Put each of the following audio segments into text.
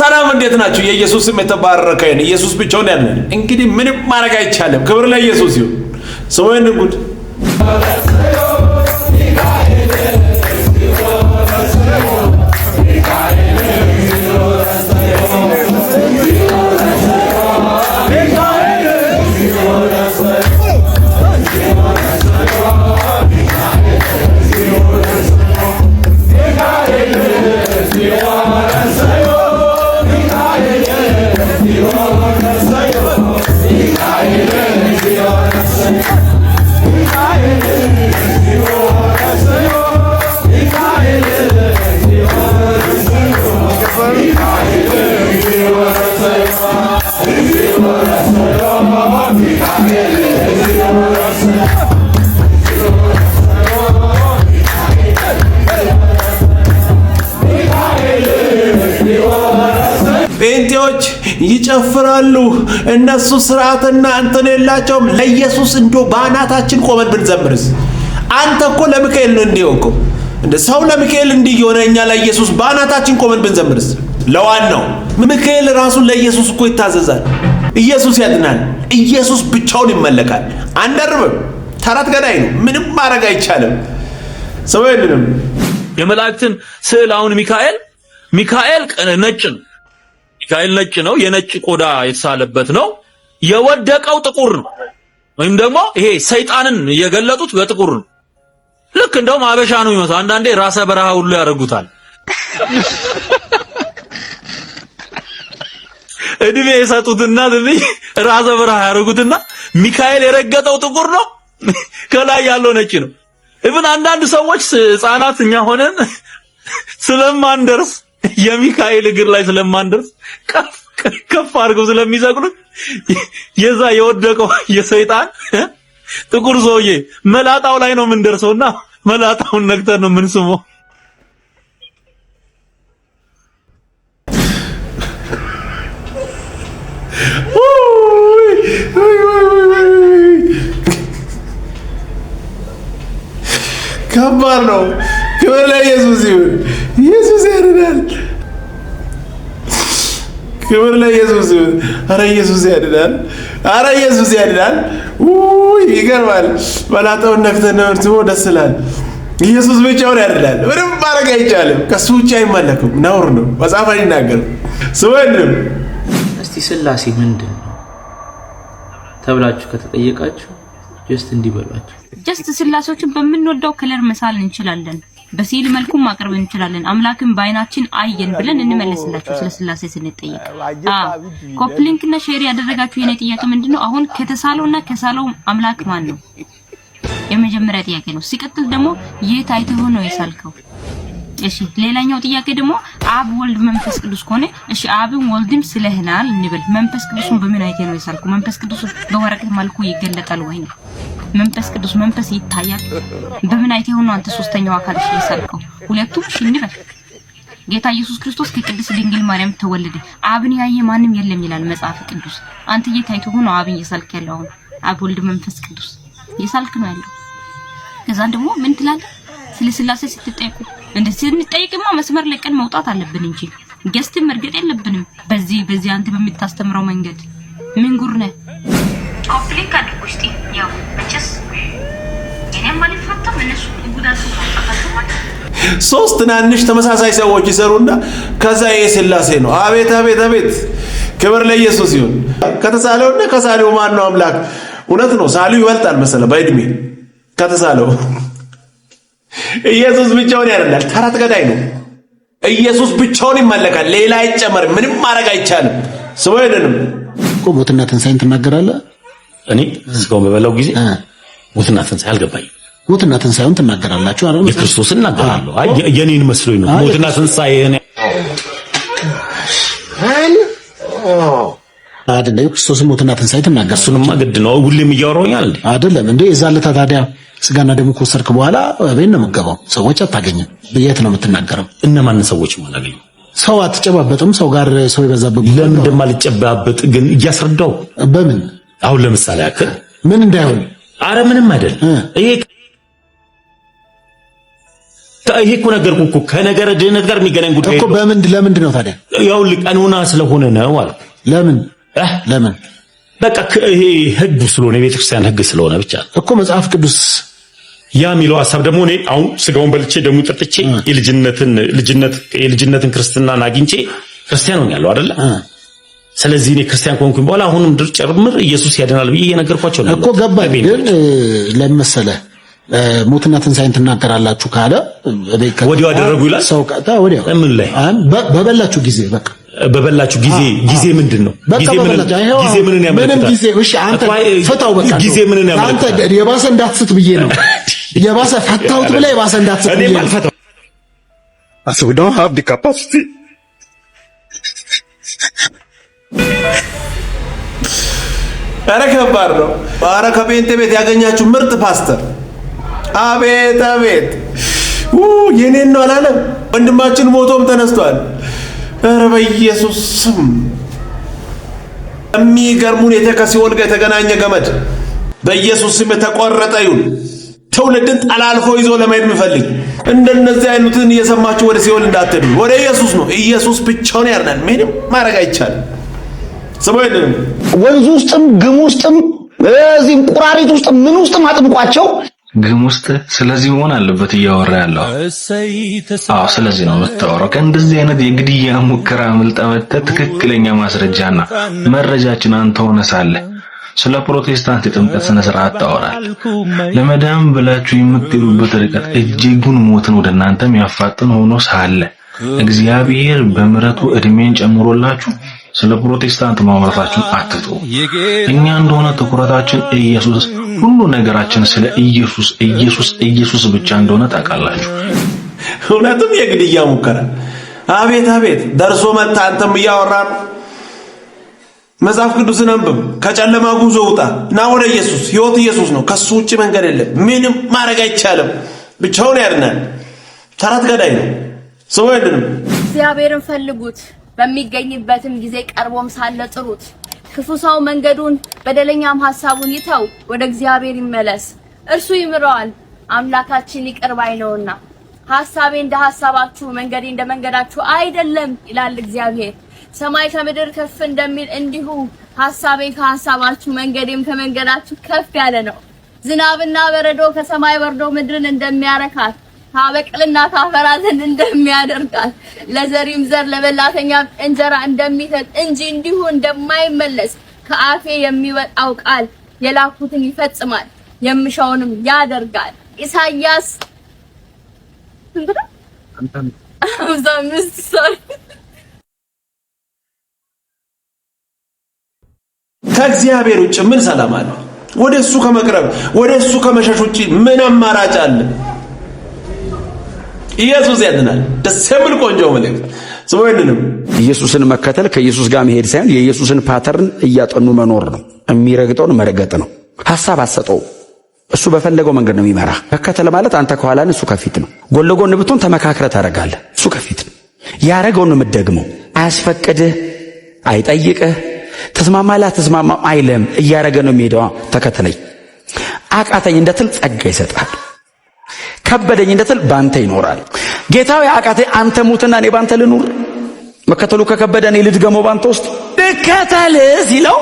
ሰላም እንዴት ናችሁ? የኢየሱስ ስም የተባረከ ይሁን። ኢየሱስ ብቻውን ያለ እንግዲህ ምንም ማድረግ አይቻልም። ክብር ለኢየሱስ ይሁን። ስሙ ይንጉድ ይጨፍራሉ። እነሱ ስርዓትና እንትን የላቸውም። ለኢየሱስ እንዶ በአናታችን ቆመን ብንዘምርስ? አንተ እኮ ለሚካኤል ነው እንዲህ እንደ ሰው ለሚካኤል እንዲህ የሆነ እኛ ለኢየሱስ በአናታችን ቆመን ብንዘምርስ? ለዋናው ሚካኤል ራሱ ለኢየሱስ እኮ ይታዘዛል። ኢየሱስ ያድናል። ኢየሱስ ብቻውን ይመለካል። አንደርብም። ተረት ገዳይ ነው። ምንም ማድረግ አይቻልም። ሰው የለንም። የመላእክትን ስዕል አሁን ሚካኤል ሚካኤል ነጭ ነው። ሚካኤል ነጭ ነው፣ የነጭ ቆዳ የተሳለበት ነው። የወደቀው ጥቁር ነው፣ ወይም ደግሞ ይሄ ሰይጣንን የገለጡት በጥቁር ነው። ልክ እንደውም አበሻ ነው ይመስላል። አንዳንዴ ራሰ በረሃ ሁሉ ያደርጉታል። እድሜ የሰጡትና ትንሽ ራሰ በረሃ ያደርጉትና ሚካኤል የረገጠው ጥቁር ነው፣ ከላይ ያለው ነጭ ነው። ኢቭን አንዳንድ ሰዎች ህፃናት እኛ ሆነን ስለማንደርስ የሚካኤል እግር ላይ ስለማንደርስ ከፍ አድርገው ስለሚሰቅሉት የዛ የወደቀው የሰይጣን ጥቁር ሰውዬ መላጣው ላይ ነው የምንደርሰውና መላጣውን ነግተን ነው የምንስመው። ከባድ ነው። ክብር ለኢየሱስ ይሁን። ኢየሱስ ያድናል። ክብር ለኢየሱስ አረ ኢየሱስ ያድናል። አረ ኢየሱስ ያድናል። ውይ ይገርማል። መላጣውን ነክተን ነርትቦ ደስ ይላል። ኢየሱስ ብቻውን ያድናል። ምንም ማድረግ አይቻልም። ከሱ ውጭ አይመለክም። ነውር ነው። መጽሐፍ አይናገርም። ስወንም እስቲ ስላሴ ምንድን ነው ተብላችሁ ከተጠየቃችሁ ጀስት እንዲበሏችሁ ጀስት ስላሴዎችን በምንወደው ክለር መሳል እንችላለን። በሲል መልኩ ማቅረብ እንችላለን። አምላክን በአይናችን አየን ብለን እንመለስላችሁ ስለስላሴ ስንጠየቅ። ኮፕሊንክ እና ሼር ያደረጋችሁ የኔ ጥያቄ ምንድነው? አሁን ከተሳለው እና ከሳለው አምላክ ማን ነው? የመጀመሪያ ጥያቄ ነው። ሲቀጥል ደግሞ የት አይተህ ነው የሳልከው? እሺ፣ ሌላኛው ጥያቄ ደግሞ አብ ወልድ መንፈስ ቅዱስ ከሆነ እሺ፣ አብም ወልድም ስለህናል እንበል። መንፈስ ቅዱስን በምን አይተህ ነው የሳልከው? መንፈስ ቅዱስ በወረቀት መልኩ ይገለጣል ወይ? መንፈስ ቅዱስ መንፈስ ይታያል። በምን አይቴ ሆኖ አንተ ሶስተኛው አካል እሺ የሰርከው ሁለቱም እሺ እንበል። ጌታ ኢየሱስ ክርስቶስ ከቅድስት ድንግል ማርያም ተወለደ። አብን ያየ ማንም የለም ይላል መጽሐፍ ቅዱስ። አንተ የታይቶ ሆኖ አብን እየሳልክ ያለው አሁን አብ ወልድ መንፈስ ቅዱስ እየሳልክ ነው ያለው። ከዛን ደግሞ ምን ትላለህ? ስለ ስላሴ ስትጠይቁ እንደዚህ ስንጠይቅማ መስመር ለቀን መውጣት አለብን እንጂ ገዝትን መርገጥ የለብንም። በዚህ በዚህ አንተ በምታስተምረው መንገድ ምን ጉር ነህ? አፕሊክ እስቲ ያው ሶስት ትናንሽ ተመሳሳይ ሰዎች ይሰሩና ከዛ ይሄ ስላሴ ነው። አቤት አቤት አቤት! ክብር ለኢየሱስ ይሁን። ከተሳለውና ከሳሌው ማን ነው አምላክ? እውነት ነው። ሳሌው ይበልጣል መሰለ በእድሜ ከተሳለው። ኢየሱስ ብቻውን ያደላል። ተረት ገዳይ ነው። ኢየሱስ ብቻውን ይመለካል። ሌላ አይጨመርም። ምንም ማድረግ አይቻልም። ስሙ ይደንም እኮ ሞትና ትንሣኤን ትናገራለህ እኔ ስጋውን በበላው ጊዜ ሙትና ትንሣኤ አልገባኝ። ሙትና ትንሣኤውን ትናገራላችሁ አይደል? የክርስቶስን እናገራለሁ። አይ የኔን መስሎኝ ነው። ሙትና ትንሣኤ እኔ አይደለ የክርስቶስን ሞትና ትንሣኤ ትናገር። እሱንማ ግድ ነው። ሁሌም እያወራሁኛል እንዴ? አይደለም እንዴ? የዛን ዕለት ታዲያ ስጋና ደሙ ከወሰድክ በኋላ ቤት ነው የምትገባው። ሰዎች አታገኝም። በየት ነው የምትናገረው? እነማን ሰዎች ማለት ሰው አትጨባበጥም። ሰው ጋር ሰው የበዛበት ለምን እንደማልጨባበጥ ግን እያስረዳው በምን አሁን ለምሳሌ ያክል ምን እንዳይሆን፣ አረ ምንም አይደል። ይሄ ይሄ እኮ ነገርኩህ እኮ ከነገረ ድህነት ጋር የሚገናኝ ጉዳይ እኮ። በምን ለምን ነው ታዲያ? ያው ቀኑና ስለሆነ ነው አልኩ። ለምን ለምን? በቃ ይሄ ህግ ስለሆነ የቤተክርስቲያን ህግ ስለሆነ ብቻ እኮ መጽሐፍ ቅዱስ ያ የሚለው ሀሳብ ደግሞ እኔ አሁን ስጋውን በልቼ ደሙን ጠጥቼ የልጅነትን ክርስትናን አግኝቼ ክርስቲያን ሆኛለሁ አይደል? ስለዚህ እኔ ክርስቲያን ከሆንኩኝ በኋላ አሁንም ድር ጨምር ኢየሱስ ያድናል ብዬ እየነገርኳቸው ነው እኮ ገባ። ግን ለምን መሰለህ ሞትና ትንሣኤን ትናገራላችሁ ካለ ወዲያው አደረጉ ይላል። ሰው ወዲያው ምን ላይ በበላችሁ ጊዜ በቃ በበላችሁ ጊዜ ጊዜ ምንድን ነው? ጊዜ ምንን ያመለክታል? ጊዜ እሺ፣ አንተ ፍታው በቃ ጊዜ ምንን ያመለክታል? አንተ የባሰ እንዳትስት ብዬ ነው የባሰ ፈታሁት ብለህ የባሰ እንዳትስት ብዬ ነው። አስ ዊ ዶንት ሃቭ ዲ ካፓሲቲ ኧረ ከባድ ነው። ኧረ ከጴንጤ ቤት ያገኛችሁ ምርጥ ፓስተር አቤት አቤት፣ የኔን ነው አላለም። ወንድማችን ሞቶም ተነስቷል። አረ በኢየሱስ ስም የሚገርም ሁኔታ ከሲኦል ጋር የተገናኘ ገመድ በኢየሱስ ስም የተቆረጠ ይሁን። ትውልድን ጠላልፎ ይዞ ለመሄድ የሚፈልግ እንደነዚህ አይነቱን እየሰማችሁ ወደ ሲኦል እንዳትሄዱ። ወደ ኢየሱስ ነው። ኢየሱስ ብቻውን ያድናል። ምንም ማድረግ አይቻልም። ወንዝ ውስጥም ግም ውስጥም እዚህ ቁራሪት ውስጥ ምን ውስጥም አጥምቋቸው ግም ውስጥ ስለዚህ መሆን አለበት እያወራ ያለው። አዎ ስለዚህ ነው የምታወራው። ከእንደዚህ አይነት የግድያ ሙከራ ምልጠመተ ትክክለኛ ማስረጃና መረጃችን አንተ ሆነ ሳለ ስለ ፕሮቴስታንት የጥምቀት ስነ ስርዓት ታወራል። ለመዳም ብላችሁ የምትሄዱበት ርቀት እጅጉን ሞትን ወደ እናንተ የሚያፋጥን ሆኖ ሳለ እግዚአብሔር በምረቱ ዕድሜን ጨምሮላችሁ ስለ ፕሮቴስታንት ማውራታችሁን አትጡ። እኛ እንደሆነ ትኩረታችን ኢየሱስ፣ ሁሉ ነገራችን ስለ ኢየሱስ ኢየሱስ ኢየሱስ ብቻ እንደሆነ ታውቃላችሁ። እውነትም የግድያ ሙከራ አቤት አቤት ደርሶ መጣ። አንተም እያወራን መጽሐፍ ቅዱስን አንብብ፣ ከጨለማ ጉዞ ውጣ እና ወደ ኢየሱስ። ህይወት ኢየሱስ ነው። ከሱ ውጭ መንገድ የለም። ምንም ማድረግ አይቻልም። ብቻውን ያድናል። ተረት ገዳይ ነው። ሰው አይደለም። እግዚአብሔርን ፈልጉት በሚገኝበትም ጊዜ ቀርቦም ሳለ ጥሩት። ክፉ ሰው መንገዱን በደለኛም ሐሳቡን ይተው፣ ወደ እግዚአብሔር ይመለስ፣ እርሱ ይምረዋል። አምላካችን ይቅር ባይ ነውና ሐሳቤ እንደ ሐሳባችሁ መንገዴ እንደ መንገዳችሁ አይደለም ይላል እግዚአብሔር። ሰማይ ከምድር ከፍ እንደሚል እንዲሁ ሐሳቤ ከሐሳባችሁ መንገዴም ከመንገዳችሁ ከፍ ያለ ነው። ዝናብና በረዶ ከሰማይ ወርዶ ምድርን እንደሚያረካት ታበቅልና ታፈራ ዘንድ እንደሚያደርጋት ለዘሪም ዘር ለበላተኛ እንጀራ እንደሚሰጥ እንጂ እንዲሁ እንደማይመለስ ከአፌ የሚወጣው ቃል የላኩትን ይፈጽማል፣ የምሻውንም ያደርጋል። ኢሳይያስ ከእግዚአብሔር ውጭ ምን ሰላም አለ? ወደ እሱ ከመቅረብ ወደ እሱ ከመሸሽ ውጭ ምን አማራጭ አለ? ኢየሱስ ያድናል። ደስ የሚል ቆንጆ መልእክት ስሙ። ይንንም ኢየሱስን መከተል ከኢየሱስ ጋር መሄድ ሳይሆን የኢየሱስን ፓተርን እያጠኑ መኖር ነው። የሚረግጠውን መረገጥ ነው። ሀሳብ አሰጠው እሱ በፈለገው መንገድ ነው የሚመራ። መከተል ማለት አንተ ከኋላ እሱ ከፊት ነው። ጎን ለጎን ብትሆን ተመካክረ ታረጋለህ። እሱ ከፊት ነው ያረገው ነው የምትደግመው። አያስፈቅድህ፣ አይጠይቅህ፣ ተስማማላ ተስማማ አይለም። እያረገ ነው የሚሄደዋ። ተከተለኝ አቃተኝ እንደ ትል ጸጋ ይሰጣል። ከበደኝ እንድትል ባንተ ይኖራል። ጌታዊ አቃቴ አንተ ሙትና እኔ ባንተ ልኑር፣ መከተሉ ከከበደ እኔ ልድገመው ባንተ ውስጥ ልከተል ሲለው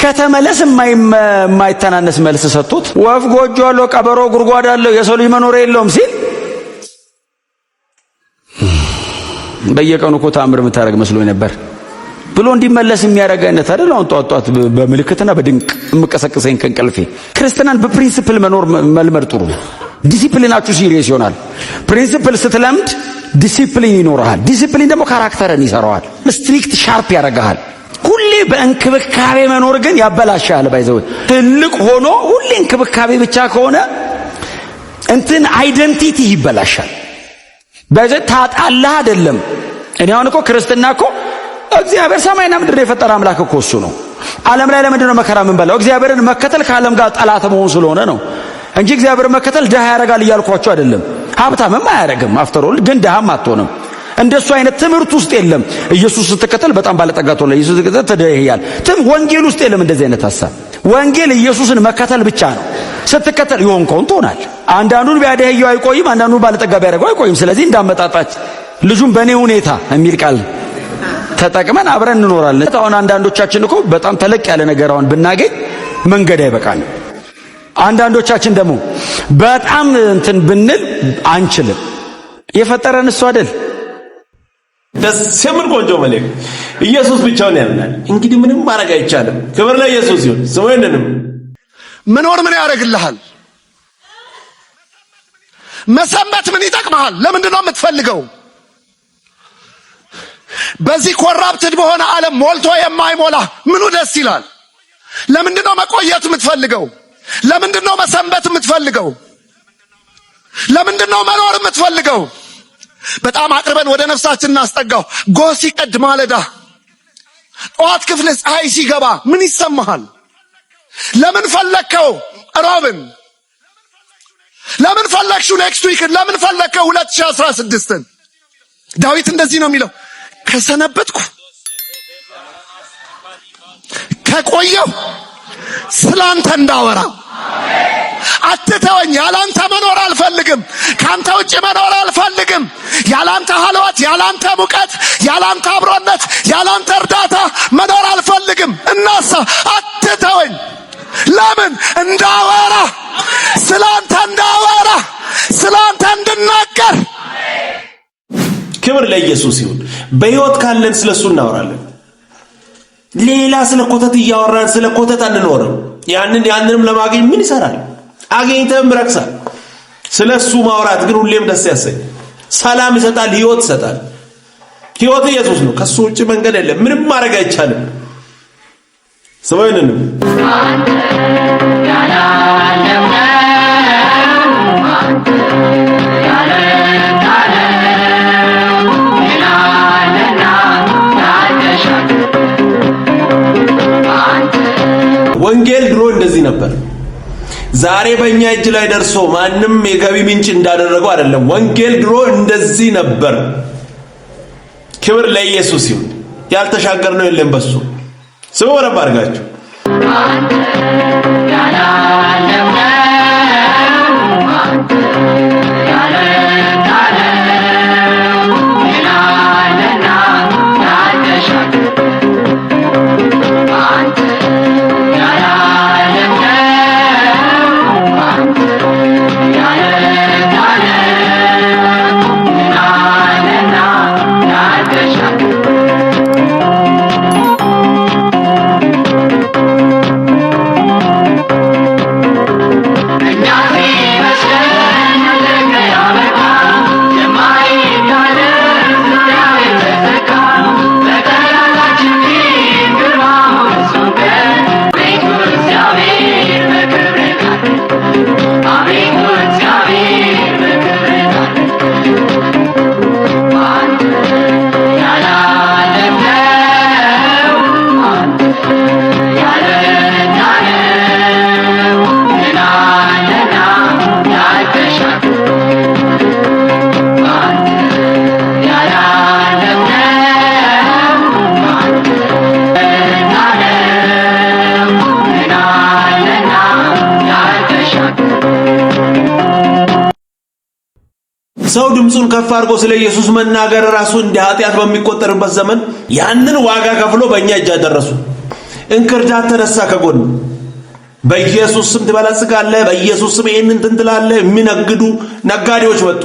ከተመለስ የማይተናነስ መልስ ሰጡት። ወፍ ጎጆ አለው፣ ቀበሮ ጉድጓድ አለው፣ የሰው ልጅ መኖር የለውም ሲል በየቀኑ እኮ ተአምር የምታደርግ መስሎ ነበር ብሎ እንዲመለስ የሚያደርግ አይነት አይደል? አሁን ጧት ጧት በምልክትና በድንቅ የምቀሰቅሰኝ ከእንቅልፌ። ክርስትናን በፕሪንስፕል መኖር መልመድ ጥሩ ነው። ዲሲፕሊናችሁ ሲሪየስ ይሆናል። ፕሪንሲፕል ስትለምድ ዲሲፕሊን ይኖርሃል። ዲሲፕሊን ደግሞ ካራክተርን ይሰራዋል። ስትሪክት ሻርፕ ያደርግሃል። ሁሌ በእንክብካቤ መኖር ግን ያበላሻል። ባይዘው ትልቅ ሆኖ ሁሌ እንክብካቤ ብቻ ከሆነ እንትን አይደንቲቲ ይበላሻል። ባይዘው ታጣላህ አይደለም። እኔ አሁን እኮ ክርስትና እኮ እግዚአብሔር ሰማይና ምድር የፈጠረ አምላክ እኮ እሱ ነው። ዓለም ላይ ለምንድን ነው መከራ ምን በላው? እግዚአብሔርን መከተል ከዓለም ጋር ጠላት መሆን ስለሆነ ነው። እንጂ እግዚአብሔር መከተል ድሃ ያደርጋል እያልኳቸው አይደለም። ሀብታምም አያደርግም። አፍተሮል ግን ድሃም አትሆንም። እንደሱ አይነት ትምህርት ውስጥ የለም። ኢየሱስ ስትከተል በጣም ባለጠጋ ትሆናለህ። ኢየሱስ ስትከተል ትም ወንጌል ውስጥ የለም እንደዚህ አይነት ሀሳብ። ወንጌል ኢየሱስን መከተል ብቻ ነው። ስትከተል የሆንከውን ሆናል አንዳንዱን ቢያደህየው አይቆይም፣ አንዳንዱን ባለጠጋ ቢያደርገው አይቆይም። ስለዚህ እንዳመጣጣች ልጁም በእኔ ሁኔታ የሚል ቃል ተጠቅመን አብረን እንኖራለን። አሁን አንዳንዶቻችን እኮ በጣም ተለቅ ያለ ነገር አሁን ብናገኝ መንገድ አይበቃንም። አንዳንዶቻችን ደግሞ በጣም እንትን ብንል አንችልም። የፈጠረን እሱ አይደል? ደስ የምን ቆንጆ መልእክት! ኢየሱስ ብቻውን ያምናል። እንግዲህ ምንም ማድረግ አይቻልም። ክብር ለኢየሱስ ይሁን። ስሙ መኖር ምን ያደርግልሃል? መሰንበት ምን ይጠቅመሃል? ለምንድን ነው የምትፈልገው? በዚህ ኮራፕትድ በሆነ ዓለም ሞልቶ የማይሞላ ምኑ ደስ ይላል? ለምንድን ነው መቆየት የምትፈልገው? ለምንድን ነው መሰንበት የምትፈልገው? ለምንድን ነው መኖር የምትፈልገው? በጣም አቅርበን ወደ ነፍሳችን እናስጠጋው። ጎ ሲቀድ ማለዳ፣ ጠዋት ክፍል ፀሐይ ሲገባ ምን ይሰማሃል? ለምን ፈለግከው ሮብን? ለምን ፈለግሽው ኔክስት ዊክን? ለምን ፈለግከው 2016ን? ዳዊት እንደዚህ ነው የሚለው ከሰነበትኩ ከቆየው ስላንተ እንዳወራ አትተወኝ። ያላንተ መኖር አልፈልግም። ካንተ ውጭ መኖር አልፈልግም። ያላንተ ሀልዋት፣ ያላንተ ሙቀት፣ ያላንተ አብሮነት፣ ያላንተ እርዳታ መኖር አልፈልግም። እናሳ አትተወኝ። ለምን እንዳወራ ስላንተ እንዳወራ ስላንተ እንድናገር። ክብር ለኢየሱስ ይሁን። በሕይወት ካለን ስለሱ እናወራለን። ሌላ ስለ ኮተት እያወራን ስለ ኮተት አንኖርም። ያንን ያንንም ለማግኘት ምን ይሰራል? አገኝተህም ረክሳል። ስለ እሱ ማውራት ግን ሁሌም ደስ ያሰኝ፣ ሰላም ይሰጣል፣ ህይወት ይሰጣል። ህይወት ኢየሱስ ነው። ከሱ ውጭ መንገድ የለም። ምንም ማድረግ አይቻልም። ሰውየንም ያላለምነው አንተ ወንጌል ድሮ እንደዚህ ነበር። ዛሬ በእኛ እጅ ላይ ደርሶ ማንም የገቢ ምንጭ እንዳደረገው አይደለም። ወንጌል ድሮ እንደዚህ ነበር። ክብር ለኢየሱስ ይሁን። ነው የለም በሱ ስሙ። በረባ አድርጋችሁ ሰው ድምፁን ከፍ አድርጎ ስለ ኢየሱስ መናገር ራሱ እንደ ኃጢአት በሚቆጠርበት ዘመን ያንን ዋጋ ከፍሎ በእኛ እጅ አደረሱ። እንክርዳት ተነሳ ከጎን በኢየሱስ ስም ትበለጽጋለህ፣ በኢየሱስ ስም ይሄንን እንትን ትላለህ። የሚነግዱ ነጋዴዎች መጡ።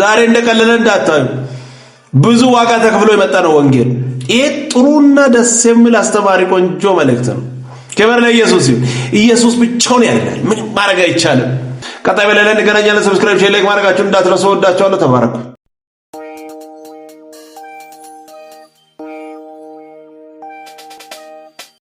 ዛሬ እንደቀለለ እንዳታዩ፣ ብዙ ዋጋ ተከፍሎ የመጣ ነው ወንጌል። ይህ ጥሩና ደስ የሚል አስተማሪ ቆንጆ መልእክት ነው። ክብር ለኢየሱስ ይሁን። ኢየሱስ ብቻውን ያድናል። ምንም ማድረግ አይቻልም። ቀጣይ በሌላ እንገናኛለን። ሰብስክራይብ፣ ሼር፣ ላይክ ማድረጋችሁን እንዳትረሱ። ወዳችኋለሁ። ተባረኩ።